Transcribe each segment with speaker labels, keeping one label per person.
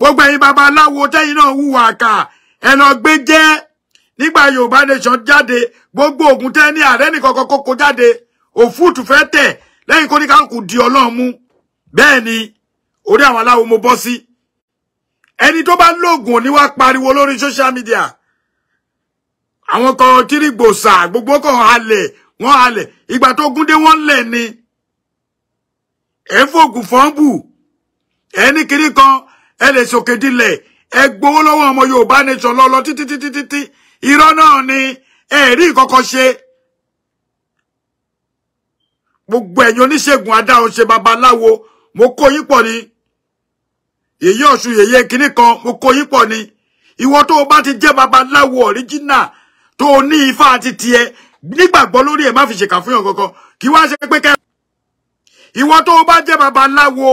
Speaker 1: gbogbo baba babaláwo tẹ́yin náà hùwà àkà ẹ lọ gbé jẹ́ nígbà yorùbá nation jáde gbogbo ògùn tẹ́ ní ààrẹ nìkan kọ́kọ́ kó jáde òfúùtù fẹ́ tẹ̀ lẹ́yìn kó ní káàkù di ọlọ́run mú bẹ́ẹ̀ ni orí àwọn aláwo mo bọ́ sí ẹni tó bá lóògùn òní wá pariwo lórí social media àwọn kan kiri gbòòsà gbogbo kan halẹ̀ wọ́n halẹ̀ ìgbà tó gúndé wọ́n lẹ̀ ni ẹ̀ fògùn fọ́ńbù ẹ̀ kiri kan ẹ lè ṣòkè dilẹ̀ ẹ gbowó lọ́wọ́ ọmọ Yorùbá nation lọ́lọ títí títí títí irọ́ náà ni ẹ rí ìkọ́kọ́ ṣe gbogbo ẹ̀yin oníṣègùn adáhùn ṣe babaláwo mo kó yín pọ̀ ni yèyé ọ̀ṣun yèyé kinní kan mo kó yín pọ̀ ni ìwọ tó o bá ti jẹ́ babaláwo ọ̀ríjínà tó o ní ifá àti tiẹ̀ nígbàgbọ́ lórí ẹ̀ má fi ṣèkà fún yàn kankan kí wá ṣe pé kẹ́ ìwọ tó o bá jẹ́ babaláwo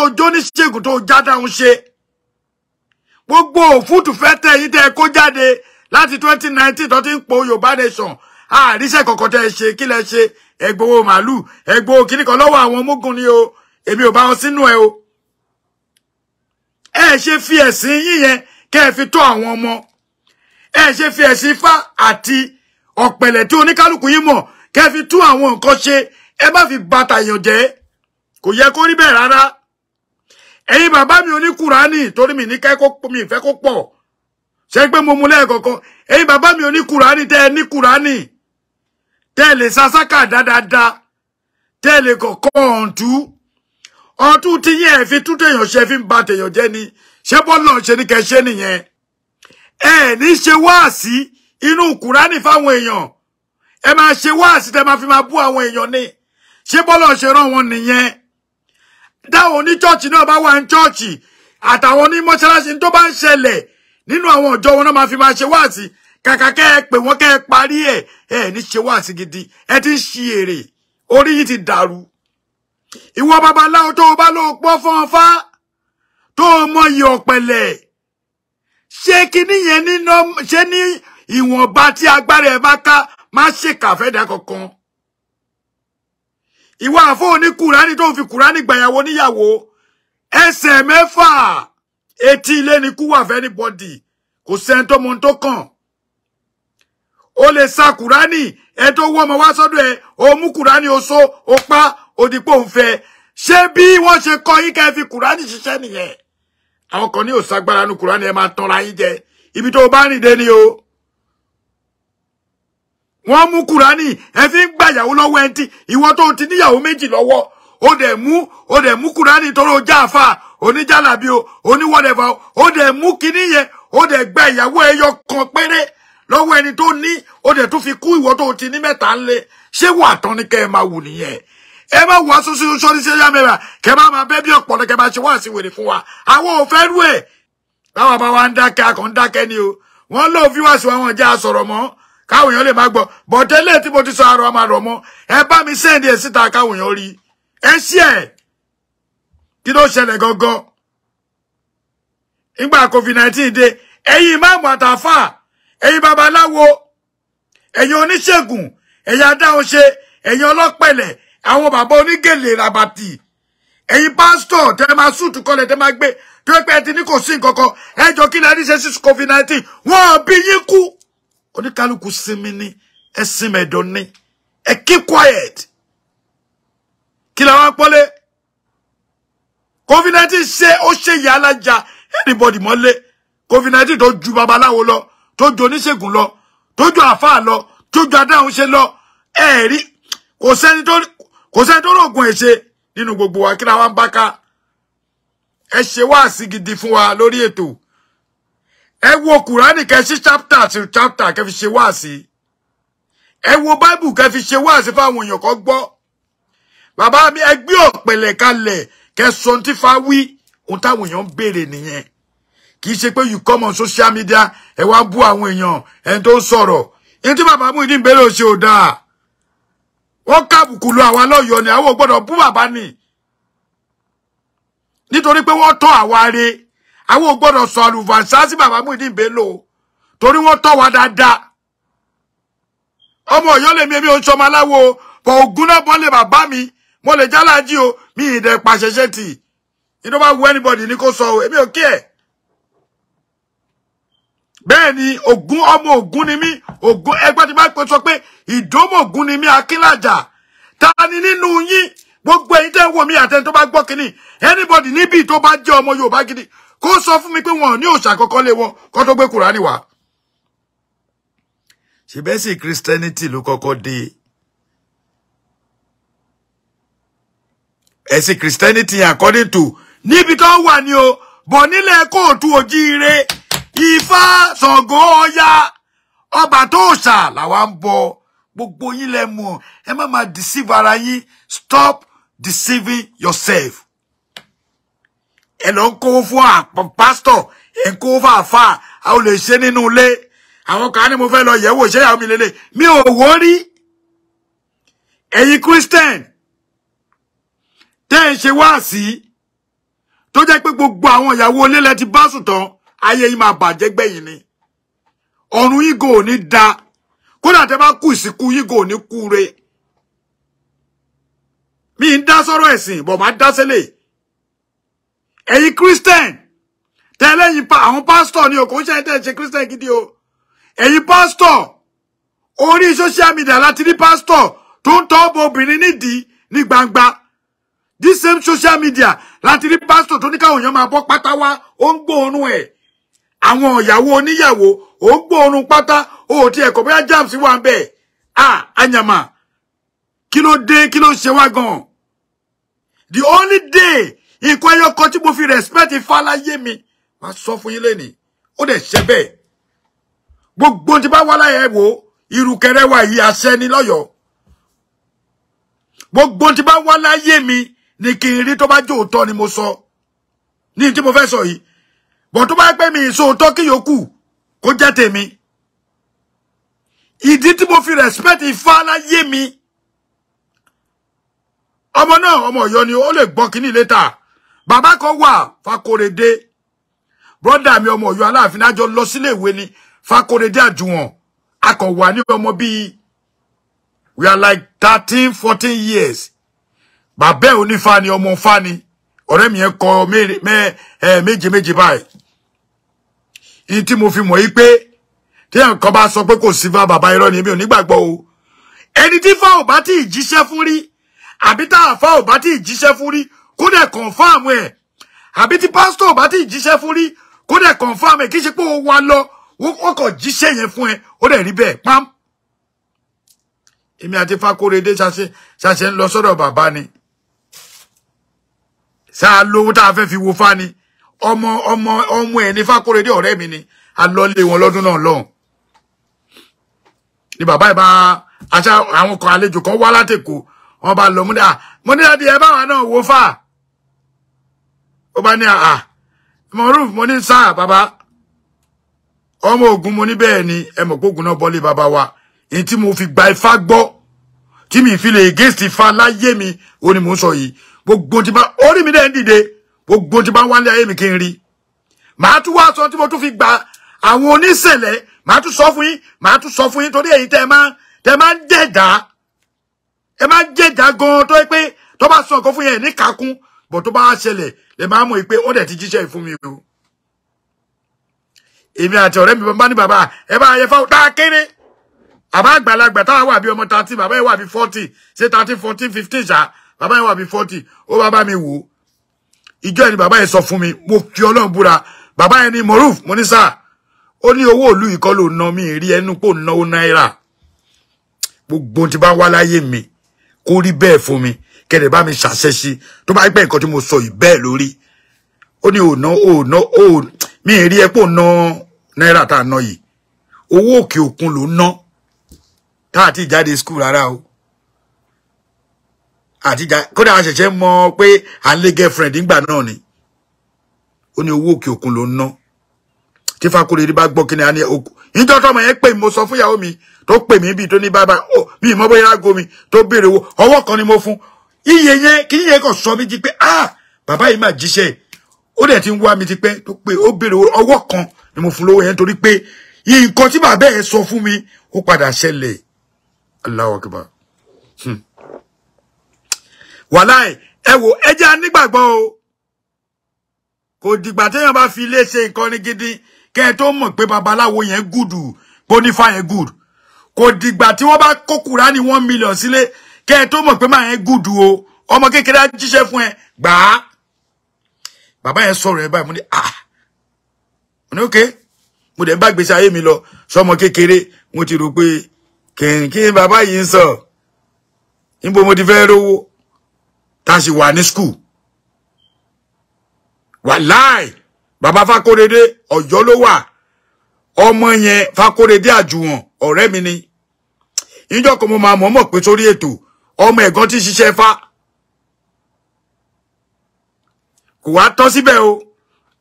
Speaker 1: tó jóníṣègùn tó já dáhùn ṣe gbogbo òfútù fẹ́ tẹ̀ yín tẹ́ kó jáde láti 2019 tó ti ń po yorùbá nation àríṣẹ́ kọ̀kọ̀ tẹ́ ṣe kí lẹ ṣe ẹgbowó màálù ẹgbowó kìíní kan lọ́wọ́ àwọn mógun ni o èmi ò bá wọn sínú ẹ o ẹ ṣe fi ẹ̀sìn yín yẹn kẹ́ ẹ fi tọ́ àwọn ọmọ ẹ ṣe fi ẹ̀sìn ifá àti ọ̀pẹ̀lẹ̀ tí oníkálukú yín mọ̀ kẹ́ ẹ fi tún àwọn nǹkan ṣe ẹ má fi bàtà èèyàn jẹ́ kò yẹ kó rí bẹ́ẹ̀ rárá ẹ̀yin bàbá mi oníkùránì torí mi ní kẹ́kọ́ mi ìfẹ́ kó pọ̀ ṣe pé mo mú lẹ́ẹ̀kọ̀ọ̀kan ẹ̀yin bàbá mi oníkùránì tẹ́ ẹ ní kùránì tẹ́ ẹ lè sasákà dáadáa tẹ́ ẹ lè kọ̀kọ́ ọ̀ǹtú ọ̀ǹtú tí fi tútù èèyàn ṣe fi ń ba tèèyàn jẹ́ ni ṣé bọ́ọ̀lù ṣe ní kẹ́ ṣe nìyẹn ẹ ní ṣe wáàsí inú kùránì fáwọn èèyàn ẹ máa ṣe wáàsí tẹ́ máa fi máa bú àwọn èèyàn ni ṣé bọ́ọ̀lù ṣe rán wọn nìyẹn táwọn oníchọ́ọ̀chì náà bá wà ní chọ́ọ̀chì àtàwọn onímọ̀ṣáláṣí tó bá ń ṣẹlẹ̀ nínú àwọn ọjọ́ wọn náà máa fi máa ṣe wáàsí kàkà kẹ́ ẹ pè wọ́n kẹ́ ẹ parí ẹ̀ ẹ ní ṣe wáàsí gidi ẹ ti ń ṣi èrè orí yìí ti dàrú. ìwọ babaláwo tó o bá lóò pọ́ fọ́n fá tó o mọ iye ọ̀pẹ̀lẹ̀ ṣé kinní yẹn ní ìwọ̀nba tí agbára ẹ̀ bá ká má ṣèkà fẹ́dà kankan ìwà àfọ oníkùránì tó fi kùránì gbàyàwó níyàwó ẹsẹ̀ mẹ́fà etí ilé ni kú wà fẹ́nibọ́dì kò sẹ́ni tó mọ tó kàn o lè sa kùránì ẹ tó wọ́ ọmọ wá sọ́dọ̀ ẹ o mú kùránì o so o pa òdìpọ̀ òǹfẹ́ ṣé bí wọ́n ṣe kọ́ yín ká ẹ fi kùránì ṣiṣẹ́ nìyẹn àwọn kan ní òṣàgbára nu kùránì ẹ máa tanra yín jẹ ibi tó bá rìn dé ni o wọ́n mú kúránì ẹ fi ń gbàyàwó lọ́wọ́ ẹ ti ìwọ tó ti níyàwó méjì lọ́wọ́ ó dẹ̀ mú ó dẹ̀ mú kúránì tọrọ jáfa oníjàlábí o oníwọ́dẹ̀fà ó dẹ̀ mú kinní yẹn ó dẹ̀ gba ìyàwó ẹyọ kan péré lọ́wọ́ ẹni tó ní ó dẹ̀ tún fi kú ìwọ tó ti ní mẹ́ta ńlẹ̀ ṣé wà tán ni kẹ́ ẹ máa wù nìyẹn ẹ má wà sọ́sọ́ sọ́rí sẹ́yà mẹ́ra kẹ́ má máa bẹ́ bí ọ̀pọ̀lọ́ kẹ́ má ṣe wá sí wèrè fún wa àwọn ò fẹ́ rú ẹ̀ báwa bá wa ń dákẹ́ akọ̀ ń ni o wọ́n lóò fi wá sí wa wọn jẹ́ àsọ̀rọ̀ mọ́ káwọn èèyàn lè má gbọ́ bọ̀tẹ́lẹ̀ tí mo ti sọ àrọ̀ máa rọ̀ mọ́ ẹ bá mi sẹ́ndì ẹ̀ síta káwọn èèyàn rí ẹ sí ẹ̀ kí ló ṣẹlẹ̀ gangan nígbà covid nineteen dé ẹ̀yin ìmáàmù àtàfà ẹ̀yin babaláwo ẹ̀yin oníṣègùn ẹ̀yin adáhunṣe ẹ̀yin ọlọ́pẹ̀lẹ̀ àwọn bàbá onígèlè ràbàtì ẹ̀yin pásítọ̀ tẹ́ máa súùtù kọlẹ̀ tẹ́ máa gbé tó pẹ́ ti ní kò sí nǹkan kan ẹjọ́ kí lẹ́ni ṣe sí covid-19 wọ́n bí yín kú. Oni sinmi ní esime doni ẹ̀dọ̀ keep quiet Kila la wá pọ́lé covid-19 ṣe ó ṣe ìyá alájà anybody mole covid-19 tó ju babaláwo lọ tó ju oníṣègùn lo tó ju àáfàá lọ tó ju adáhunṣe lọ ẹ̀ẹ́rí kò sẹ́ni tó kò sẹ́ni tó rògùn ẹ̀ ṣe wa kí la wá ń bá ká ẹ wa lórí ètò ẹ wo kùránì kẹ́ sí chapter sí chapter kẹ́ fi ṣe wáàsí ẹ wo bible kẹ́ fi ṣe wáàsí fáwọn èèyàn kan gbọ́ bàbá mi ẹ gbé ọ̀pẹ̀lẹ̀ kalẹ̀ kẹ́ sọ tí fa wí ohun táwọn èèyàn ń béèrè nìyẹn kì í ṣe pé you come on social media ẹ wá bú àwọn èèyàn ẹni tó ń sọ̀rọ̀ ẹni tí bàbá Muyideen Bello ṣe ò dáa wọ́n kábùkù lu àwa lọ́yọ̀ọ́ ni àwọn ò gbọ́dọ̀ bú bàbá ni nítorí pé wọ́n tọ́ àwa re àwọn ò gbọ́dọ̀ sọ àlùfànṣá sí bàbá Muyideen Bello torí wọ́n tọ́ wa dáadáa ọmọ Ọ̀yọ́ lèmi èmi ò ń sọmọ aláwo bọ̀ ògún náà bọ́ lè bàbá mi mo lè jáláàjì o mi ì dẹ̀ pàṣẹṣẹ tì inú bá wu anybody ní kó sọ o èmi ò kí ẹ̀ bẹ́ẹ̀ ni ògún ọmọ ògún ni mí ògún ẹgbẹ́ ti bá sọ pé ìdómò ògún ni mí akínlàjà ta ni nínú yín gbogbo ẹ̀yin tẹ́ wò mí àtẹni tó bá gbọ́ kínní anybody níbi tó bá jẹ́ ọmọ Yorùbá gidi kó sọ fún mi pé wọn ní òòṣà kankan lé wọn kó tó gbé Kùránì wá. ṣèbẹ́ sì Christianity ló kọ́kọ́ dé ẹ̀sìn Christianity according to níbi tó wà ní o bọ̀ nílẹ̀ kóòtù òjíire Ifá Ṣàngó Ọya ọba tó ṣà làwa ń bọ gbogbo yín lẹ mọ̀ ẹ má máa deceive ara yín stop deceiving yourself And lọ ń Pastor, fún àpọ̀ pásítọ̀ ẹ ń kówó fún àfáà a ò lè ṣe nínú ilé àwọn kan ní mo fẹ́ lọ yẹ̀wò ìṣẹ́yàwó mi lélẹ̀ mi christian then she was wá sí tó jẹ́ book gbogbo àwọn ìyàwó ilé let ti bá it on. I yìí máa bàjẹ́ gbẹ̀yìn ni On we go, ní da kódà tẹ́ bá kú ìsìnkú yìí you go, you re mi ń dá sọ́rọ̀ ẹ̀sìn bọ̀ máa dá sílẹ̀ ẹ̀yin christian tẹ́lẹ̀yìn àwọn pásítọ̀ ni òkò ń ṣe ẹ̀dẹ̀ ṣe christian gidi o ẹ̀yin pastor? orí social media láti rí pásítọ̀ tó ń tọ́ bo ni nídìí ní gbangba this same social media láti rí pásítọ̀ ka ní káwọn èèyàn máa bọ́ pátá wá ó ń gbóòórùn ẹ̀ àwọn ìyàwó oníyàwó ó ń gbóòórùn pátá ó ti ẹ̀kọ́ bóyá jam si ń bẹ̀ ah anyama kí ló dé kí ló ṣe wá gan-an the only day nǹkan ẹyọ kan tí mo fi respect ifá láyé mi máa sọ fún yín lẹ́nìí ó dẹ̀ ṣe bẹ́ẹ̀ gbogbo tí bá wá láyé wò irú kẹrẹwà yìí àṣẹ ni lọ́yọ̀ọ́ gbogbo tí bá wá láyé mi ni kí n rí tó bá jó òótọ́ ni mo sọ ní tí mo fẹ́ sọ yìí bọ̀ tó bá pẹ́ mi ìṣòótọ́ kí yòókù kó jẹ́ tèmi ìdí tí mo fi respect ifá láyé mi ọmọ náà ọmọ Ọ̀yọ́ ni ó lè gbọ́ kínní létà bàbá kan wà Fakorede brọdà mi ọmọ Ọ̀yọ́ Aláàfin àjọ lọ sílé ìwé ni Fakorede àjùwọ̀n akọwà ní ọmọ bíi we are like thirteen fourteen years bàbá ẹ onífa ni ọmọ fa ni ọ̀rẹ́ mi yẹn kọ méje méje báyìí ní tí mo fi mọ̀ yí pé tí ẹnìkan bá sọ pé kò sí fa bàbá irọ́ ni èmi ò nígbàgbọ́ o ẹni tí fa bá tí ì fún rí àbí tá àfa ò bá tí ì jíṣẹ́ fún rí kó dẹ̀ kọ̀ǹfàmù ẹ̀ àbí tí pásítọ̀ ò bá tí ì jíṣẹ́ fún rí kó dẹ̀ kọ̀ǹfàmù ẹ̀ kí ṣe pé ó wá lọ ó kọ̀ jíṣẹ́ yẹn fún ẹ ó dẹ̀ rí bẹ́ẹ̀ pam. èmi àti Fakorede ṣàṣẹ ń lọ sọ́dọ̀ bàbá ni ṣáà lówó tá a fẹ́ fi wo fá ni ọmọ ọmọ ọmọ ẹ̀ ní Fakorede ọ̀rẹ́ mi ni a lọ lé wọn lọ́dún náà lọ́hùn ni bàbá ẹ̀ aṣá àwọn kan àlejò kan wá látẹ̀kọ̀ọ́ wọ́n bá lọ múdà mo ní adìyẹ ah, báwa náà wò fà ó bá ní àà ah, ah, moruf mo ní sáà bàbá ọmọ ogun mo ní bẹ́ẹ̀ ni ẹ mọ̀ pógun náà bọ́lé bàbá wa èyí tí mo fi gba ifá gbọ́ tí mi fi lè gèsì ifá láyé mi ó ní mò ń sọ yìí gbogbo tí bá orí mi dẹ́ ń dìde gbogbo tí bá ń wálé ayé mi kí n rí màá tún wá sọ tí mo tún fi gba àwọn oníṣẹ̀lẹ̀ màá tún sọ fún yín màá tún sọ fún yín torí èyí tẹ́ máa tẹ́ máa ń dẹ̀dá ẹ máa ń jẹjà to tó yẹ pé tó bá sọ nǹkan fún yẹn ní kakún bọ̀ tó bá ṣẹlẹ̀ lè máa mọ̀ pé ó dẹ̀ ti jíṣẹ́ ìfún mi o èmi àti ọ̀rẹ́ mi bá ní bàbá ẹ bá yẹ fáwọn tá a kéré àbá àgbàlagbà táwa wà bí ọmọ thirty bàbá yẹn wà bí forty ṣé thirty fourteen fifteen ṣá bàbá yẹn wà bí forty o baba bá mi wò ó ìjọ ẹni bàbá yẹn sọ mi mo fi ọlọ́run búra bàbá yẹn ni moruf monisa ní sáà ó ní owó ìlú na ná mi rí ẹnu pò náwó náírà gbogbo ti bá wá láyé mi kó rí bẹ́ẹ̀ fún mi kẹ́lẹ̀ bá mi ṣàṣẹ sí tó bá pẹ́ nǹkan tí mo sọ yìí bẹ́ẹ̀ lórí ó ní òná òná ò mí rí ẹ pò ná náírà tá a ná yìí owó òkè òkun ló ná tá a ti jáde skul rárá o kódà a ṣẹ̀ṣẹ̀ mọ̀ pé à ń lé girlfriend nígbà náà ni ó ní owó òkè òkun ló ná tí fakulè rí bá gbọ́ kí ni a ní okùn ìjọ tọmọ yẹn pé mo sọ fún mi tó pè mí bíi tó ní báyìí báyìí oh, mi ìmọ̀ bóyá aago mi tó béèrè owó ọwọ́ kan ni mo fún iye yẹn kí iye kan sọ mí ti pé ah baba yìí máa jíṣẹ́ ó dẹ̀ ti ń wá mi ti pẹ́ tó pé ó béèrè owó kan ni mo fún lówó yẹn torí pé nǹkan tí bàbá ẹ̀ sọ fún mi ó padà ṣẹlẹ̀ Allahu akbar hmm. wàláì ẹ wò ẹ jẹ́ anígbàgbọ́ o kò dìgbà téèyàn bá fi ilé ṣe nǹkan gidi kẹ́ ẹ tó mọ̀ pé babaláwo yẹn gùdù gbónífà yẹn kò dìgbà tí wọ́n bá kó Kùránì one million sile kẹ́ ẹ tó mọ̀ pé máa yẹn o ọmọ kékeré á jíṣẹ́ fún ẹ gbà á bàbá yẹn sọ̀rọ̀ ẹ báyìí mo ní à ah. mo ní òkè mo dẹ̀ ń bá gbèsè ayé mi lọ sọmọ kékeré mo ti rò pé kìnkìn bàbá yìí ń sọ níbo mo ti fẹ́ rówó tá a sì wà ní skul wàláì bàbá Fákóredé Ọ̀yọ́ ló wà ọmọ yẹn Fakorede Àjùwọ̀n ọ̀rẹ́ mi ni níjọ́ kan mo máa mọ̀ mọ̀ pé sórí ètò ọmọ ẹ̀gán ti ṣiṣẹ́ fá kò wá tán síbẹ̀ o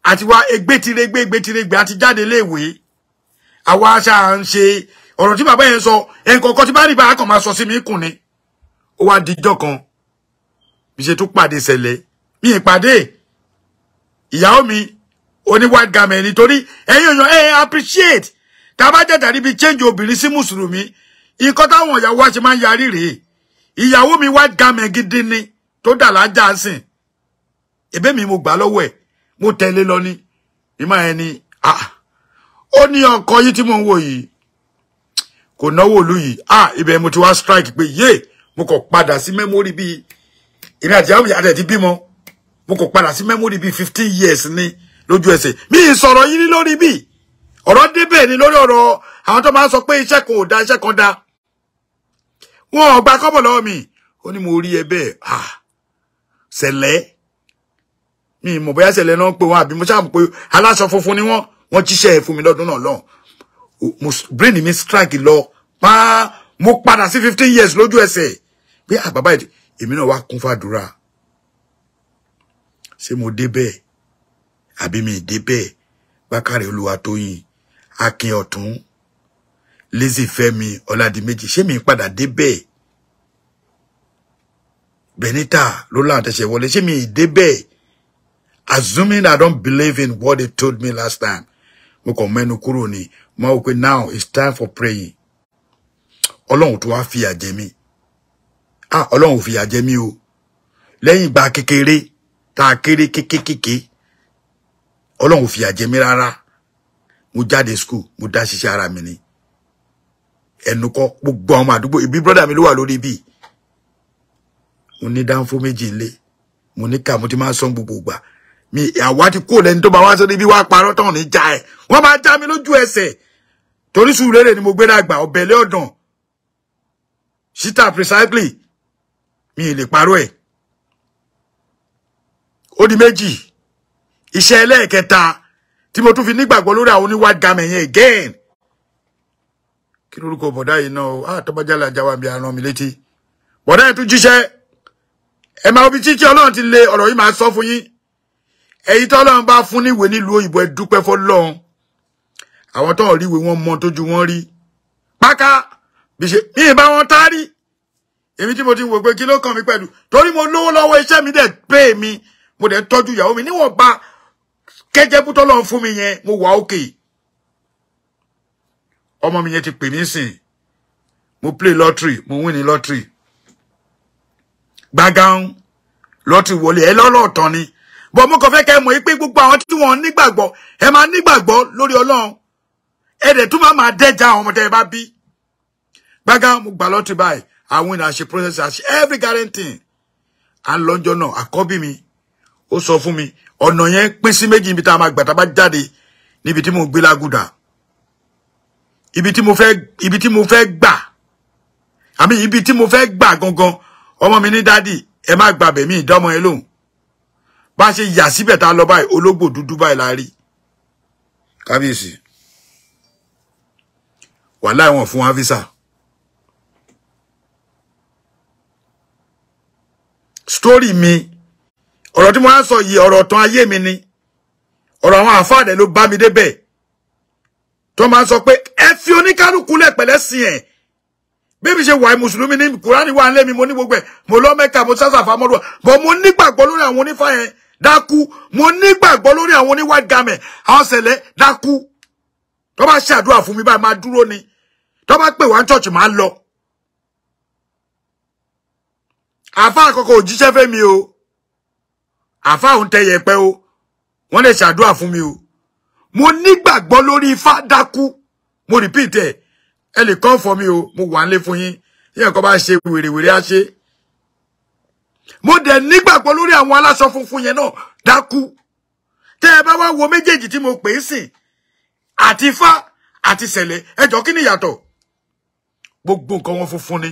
Speaker 1: àti wá egbétirégbé egbétirégbé àti jáde léèwé àwa aṣá ń ṣe ọ̀rọ̀ tí bàbá yẹn sọ ẹnìkọ̀ọ̀kan tí bá rí bàá máa sọ sí mi kùn ni ó wá dijọ́ kan bí ṣe tún pàdé ṣẹlẹ̀ mi ìpàdé ìyàwó mi Oni white garment nítorí ẹ̀yin èèyàn eh appreciate tá a bá jẹ́ tàbí bíi change obìnrin sí mùsùlùmí nǹkan táwọn ìyàwó wa ṣe máa ń yarí rèé mi white garment gidi ni tó dà lájà sìn ẹ̀bẹ̀ mi mo gbà lọ́wọ́ ẹ̀ mo tẹ̀lé lọ ni ìmọ̀ ẹ̀ ni ah, ó ní ọkọ yìí tí mò ń wò yìí kò náwó òlu yìí ah, ibẹ̀ mo ti wá strike pé ye. mo kàn padà sí mẹ́mórì bíi ìrìn àti àwọn ìyá ti bimo. mo kàn padà sí mẹ́mórì bíi fifteen years ni lójú ẹsẹ̀ mi sọ̀rọ̀ yín lórí bí ọ̀rọ̀ débẹ̀ ni lórí ọ̀rọ̀ àwọn tó máa ń sọ pé iṣẹ́ kan ò da iṣẹ́ kan da wọn ò gba kọ́bọ̀ lọ́wọ́ mi ó ní mo rí ẹ bẹ́ẹ̀ ah ṣẹlẹ̀ mi mọ̀ bóyá ṣẹlẹ̀ náà pé wọn àbí mo ṣáà mọ̀ pé aláṣọ funfun ni wọ́n wọ́n jíṣẹ́ ẹ̀ fún mi lọ́dún náà lọ́hùn mo brain mi strike lọ pa mo padà sí fifteen years lójú ẹsẹ̀ pé àbábá èmi náà wá kún fàdúrà ṣé mo dé bẹ́ẹ̀ àbí mi débẹ̀ bákàrẹ̀ olúwatóyìn akin ọ̀tún lizzy fẹ́mi ọládìmẹ́jì ṣé mi padà débẹ̀ benita ló láwọn tẹsẹ̀ wọlé ṣé mi débẹ̀ assuming i don't believe in what they told me last time mo kàn mẹ́nu kúrò ni mo wò pé now it's time for praying ọlọ́run tó wá fìyà jẹ mí ah ọlọ́run ò fìyà jẹ mí o lẹ́yìn ìgbà kékeré tá a kéré kékékéké. Ke, ke, ke, ke ọlọ́run ò fìyà jẹ mí rárá mo jáde school mo dá ṣiṣẹ́ ara mi ni ẹnu kọ́ gbogbo àwọn àdúgbò ibi brọ́dà mi ló wà lórí bíi mo ní dáńfó méjì ńlé mo ní kà mo ti máa ń gbogbo ìgbà mi àwa ti kó lẹ́ni tó bá wá sórí bí wàá parọ́ tán ní já ẹ̀ wọ́n máa já mi lójú ẹsẹ̀ torí sùúrù ni mo gbé dàgbà ọ̀bẹ̀lẹ̀ ọ̀dàn sítà precisely mi ì lè parọ́ ẹ̀ ó di méjì iṣẹ́ ẹlẹ́ẹ̀kẹta tí mo tún fi nígbàgbọ́ lórí àwọn oníwà gàmẹ̀ again kí lórúkọ bọ̀dá yìí náà á ah, tọ́bájálà jáwá bí aràn mi létí bọ̀dá yẹn tún jíṣẹ́ ẹ máa obi títí ọlọ́run ti lé ọ̀rọ̀ yìí máa sọ fún yín èyí tó ọlọ́run bá fún níwèé nílùú òyìnbó ẹ dúpẹ́ fọlọ́run àwọn tó ń ríwèé wọn mọ tójú wọn rí páká bí mí ì bá wọn tárí èmi tí mo ti wò pé kí ló kàn mí pẹ̀lú torí mo lówó lọ́wọ́ iṣẹ́ mi dẹ̀ pé mi mo dẹ̀ tọ́jú ìyàwó mi níwọ̀n ba kẹ́jẹ́ bú tọ́lọ́run fún mi yẹn mo wà òkè ọmọ mi yẹn ti pè mí mo play lottery mo win ní lottery gbàgán lottery wọlé ẹ lọ́lọ́ọ̀tàn ni bọ̀ mo kàn fẹ́ kẹ́ mọ̀ pé gbogbo àwọn tí wọ́n nígbàgbọ́ ẹ máa nígbàgbọ́ lórí ọlọ́run ẹ dẹ̀ tún máa máa dẹ́jà àwọn ọmọdé ẹ bá bí gbàgán mo gbà lottery báyìí àwọn ènìyàn àṣe process àṣe every guarantee à ń lọ́jọ́ náà mi ó sọ fún mi ọ̀nà yẹn pín sí méjì ibi tá a máa gbà tá a bá jáde níbi mo gbé lágùdà ibi tí mo fẹ́ ibi tí mo fẹ́ gbà àmì ibi tí mo fẹ́ gbà gangan omo mi ní dádì ẹ má gbàbẹ̀ mí ìdámọ́ ẹ lóhùn bá ṣe yà síbẹ̀ tá a lọ báyìí ológbò dúdú báyìí la rí kábíyèsí wàhálà ẹ̀wọ̀n fún visa story me ọ̀rọ̀ tí mo wá sọ yìí ọ̀rọ̀ tán ayé mi ni ọ̀rọ̀ àwọn àfáàdẹ̀ ló bá mi débẹ̀ tó máa ń sọ pé ẹ fi oníkálukú lẹ̀ pẹ̀lẹ́ sí ẹ̀ bébí ṣe wà ní mùsùlùmí ní kùránì wà nílé mi mo ní gbogbo ẹ̀ mo lọ mẹ́ka mo sásà fámọ́dọ̀ bọ́ mo nígbàgbọ́ lórí àwọn onífá yẹn dákú mo nígbàgbọ́ lórí àwọn oní white garment àwọn sẹ̀lẹ̀ dákú tó bá ṣàdúrà fún mi báyìí máa dúró ni tó bá pè wá ní church máa lọ àfáà àkọ́kọ́ òjíṣẹ́ fẹ́ mi o àfáà òun tẹ yẹpẹ o wọ́n lè ṣàdúrà fún mi o mo nígbàgbọ́ lórí ifá dákú mo repeat ẹ̀ ẹ lè kọ́ fọ́ mi o mo wà nílé fún yín tí ẹ̀kọ́ bá ṣe wèrèwèrè á ṣe mo dẹ̀ nígbàgbọ́ lórí àwọn aláṣọ funfun yẹn náà dákú tẹ́ ẹ bá wá wo méjèèjì tí mo pè é sìn àti ifá àti sẹ̀lẹ̀ ẹjọ́ kí ni ìyàtọ̀ gbogbo nǹkan wọn funfun ni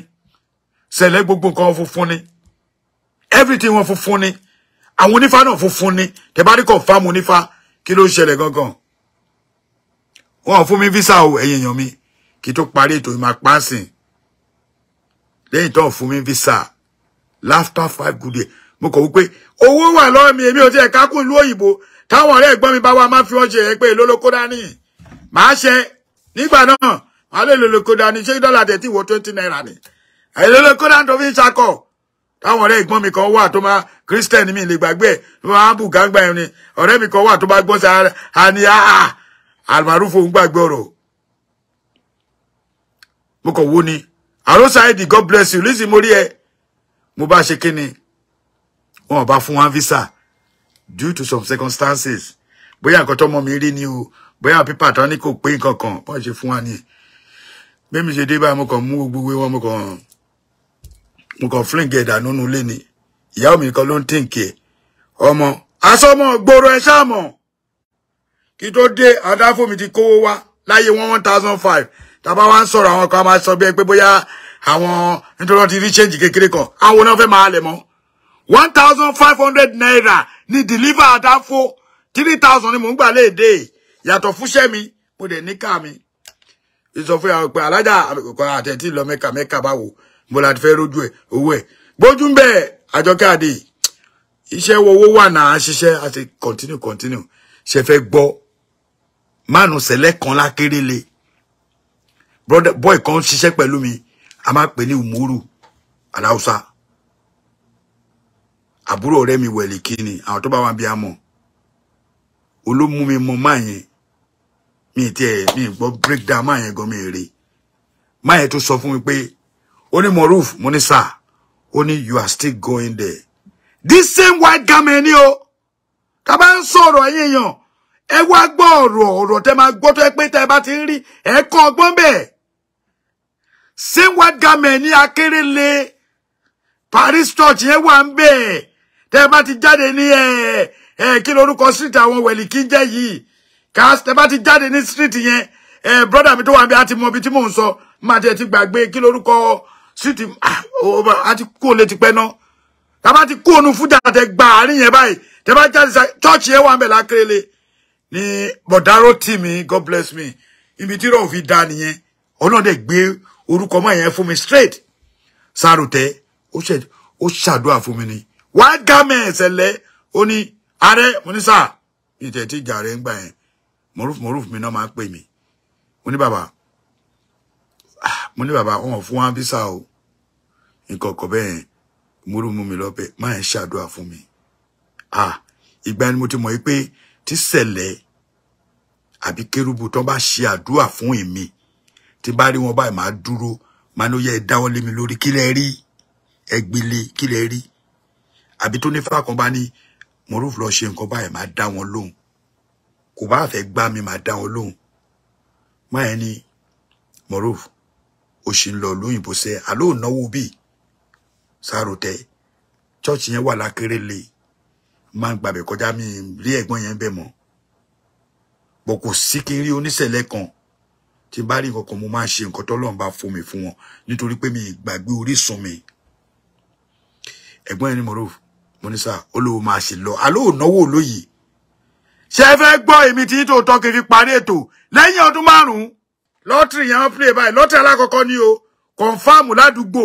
Speaker 1: sẹ̀lẹ̀ gbogbo nǹkan wọn funfun ni everything wọn funfun ni àwọn onífá náà funfun ni tẹ bá rí confam onífá kí ló ṣẹlẹ̀ gangan wọn fún mi visa o ẹ̀yin èèyàn mi kí tó parí ètò ìmọ̀ pàṣìn lẹ́yìn tó fún mi visa láftà five good day mo kọ̀ wípé owó wà lọ́wọ́ mi èmi ò tiẹ̀ kákùn ìlú òyìnbó táwọn ọ̀rẹ́ ẹ̀gbọ́n mi bá wa máa fi wọ́n ṣe pé lólókó dání màá ṣe nígbà náà màá lè lólókó dání ṣé dọ́là tẹ̀ tí wọ́n twenty naira ni èlólókó dání tó fi ń ṣakọ̀ táwọn ọ̀rẹ́ ìgbọ́n mi kan wà tó máa christian mi lè gbàgbé ẹ̀ tó máa bù gágbà ẹni ọ̀rẹ́ mi kan wà tó máa gbọ́ sí àní àhà àmàrúfò ń gbàgbé ọ̀rọ̀ mo kàn wó ni àròsáìdì god bless you lísì mo rí ẹ mo bá ṣe kí wọn bá fún wa visa due to some circumstances bóyá nǹkan tọ́mọ mi rí ni o bóyá pípà tán ní kò pé nǹkan kan bọ́n ṣe fún wa ni bẹ́ẹ̀ mi ṣe dé báyìí mo kàn mú gbogbo wọn mo kàn mo kàn fling ẹ̀ dànù nínú ilé ni ìyá mi kan ló ń tìǹkì ẹ̀ ọmọ asọmọ gbòòrò ẹ ṣáàmọ kí tó dé adáfómi ti kówó wá láyé one thousand five tàbá wá ń sọ̀rọ̀ àwọn kan a máa sọ bí ẹ pé bóyá àwọn nítorí wọn ti rí change kékeré kan àwọn náà fẹ́ máa lẹ̀ mọ́ one thousand five hundred naira ni deliver adáfó three thousand ni mò ń gbà léde yàtọ̀ fúnṣẹ́ mi mo dẹ̀ níkà mi ìsọfún àwọn ìpè alájà àtẹ̀tí lọ mẹ́ka mẹ́ka báwo bó la ti fẹ́ rójú ẹ̀ owó ẹ̀ gbójú ń bẹ̀ àjọkẹ́ àdè iṣẹ́ owó wà náà ṣiṣẹ́ àti continue continue ṣe fẹ́ gbọ́ mánu sẹ̀lẹ̀ kan lákéré le brother boy kan ṣiṣẹ́ pẹ̀lú mi a máa pè ní umuru alausa. àbúrò ọ̀rẹ́ mi wẹ̀lì kíni àwọn tó bá wà bí a mọ̀ mi mọ máa yẹn mi tiẹ̀ mi gbọ́ break down máa yẹn gan mi rè máa yẹn tó sọ fún mi pé Only moruf mo ní sir ó you are still going there this same white garment ni o tá bá ń yo. E èèyàn ẹ wá gbọ́ ọ̀rọ̀ ọ̀rọ̀ to máa gbọ́ tó ẹ ti ń rí ẹ kọ́ ọgbọ́n same white garment ní akérèlé paris church yẹn wà ń bẹ́ẹ̀ tẹ́ ti jáde ní ẹ ẹ kí lorúkọ street àwọn wẹ̀lì kí ń jẹ́ yìí ká tẹ́ ti jáde ní street yẹn ẹ brọ́dà mi tó wà ń bẹ́ẹ̀ á ti mọ ibi tí mò ti gbàgbé kí lorúkọ sí ti a ti kú olè ti pẹ́ náà tá a bá ti kú ònú fújà tẹ gba àárín yẹn báyìí tẹ bá jáde sa chọ́ọ̀chì yẹn wà ń bẹ̀ lákérélé ní bọ̀dáró tì mí god bless me ibi tí rọ̀ fi da nìyẹn ọlọ́dẹ gbé orúkọ mọ́ yẹn fún mi straight sáròtẹ́ ó ṣàdúrà fún mi ni white garment ẹ̀lẹ́ ó ní ààrẹ mo ní sáà ìtẹ̀tí ìjà rẹ̀ ń gbà yẹn moruf moruf mi náà máa ń pè mí mo ní bàbá ah, mo ní bàbá wọn fún wa bísà o nǹkan ọkọ̀ bẹ́ẹ̀ yẹn múrù mú mi lọ́bẹ̀ máa ń ṣàdúrà fún mi ah ìgbà ni mo ti mọ̀ pé tí sẹ̀lẹ̀ àbí kérúbù tán bá ṣe àdúrà fún èmi tí bá rí wọn báyìí máa dúró máa ní ó yẹ dáwọ́ lé mi lórí kí lẹ rí ẹgbìlẹ̀ kí lẹ rí àbí tó ní fáwọn kan bá ní mọ̀rúfù lọ ṣe nǹkan báyìí máa dá wọn lóhùn kò bá fẹ́ gbá mi máa dá wọn lóhùn máa ẹni mọ̀rúfù ó ṣì ń lọ lóyìnbó sẹ́ àlóò náwó bíi sáròtẹ chọọchì yẹn wà le, máa ń gbàbẹ kọjá mi rí ẹ̀gbọ́n yẹn bẹ mọ bọ kò sí kí n rí oníṣẹ̀lẹ̀ kan tí n bá rí nǹkan mo máa ń ṣe nǹkan tọ́lọ́run bá fún mi fún wọn nítorí pé mi gbàgbé orísun mi ẹ̀gbọ́n yẹn ni mo rò mo ní sá olówó máa ṣe lọ àlọ ònáwó olóyè ṣe fẹ́ gbọ́ èmi tí tó tọ́ kiri parí ètò lẹ́yìn ọdún márùn-ún lọ́tìrì yẹn wọ́n pè báyìí lọ́tìrì alákọ̀ọ́kọ́ ni o kọ̀ǹfàmù ládùúgbò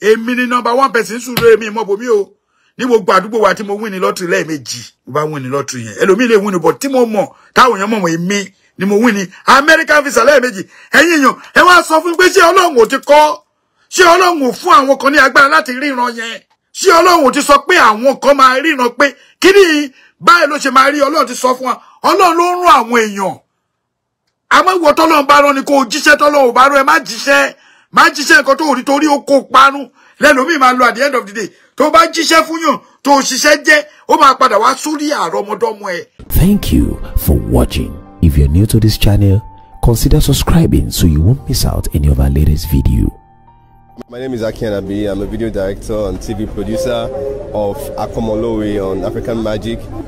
Speaker 1: èmi ni number one person sùúrù èmi ìmọ̀ bòmí o ní gbogbo àdúgbò wa tí mo win ní lọ́tìrì lẹ́ẹ̀mejì mo bá win ní lọ́tìrì yẹn ẹlòmíì lè win ní bọ̀ tí mo mọ̀ táwọn èèyàn mọ̀ mọ̀ èmi ni mo win ní American visa lẹ́ẹ̀mejì ẹ̀yin èèyàn ẹ wá sọ fún pé ṣé ọlọ́run ò ti kọ́ ṣé ọlọ́run ò fún àwọn kan ní agbára láti ríran yẹn ṣé ọlọ́run ò ti sọ pé àwọn kan máa ríran pé kí ni báyìí ló ṣe máa rí ọlọ́run ti sọ fún wa ọlọ́run ló ń rán àwọn èèyàn àmọ́ ìwọ tọ́lọ́run bá rán ni kò jíṣẹ́ tọ́lọ́run ò bá rán ẹ má jíṣẹ́ máa jíṣẹ́ nǹkan tó rí torí ó kó parun lẹ́lòmíì máa lọ at the end of the day tó bá jíṣẹ́ fún yàn tó ṣiṣẹ́ jẹ́ ó máa padà wá sórí àrọ́mọdọ́mọ ẹ̀. Thank you for watching. If you're new to this channel, consider subscribing so you won't miss out any of our latest video. My name is Aki Anabi. I'm a video director and TV producer of Akomolowe on African Magic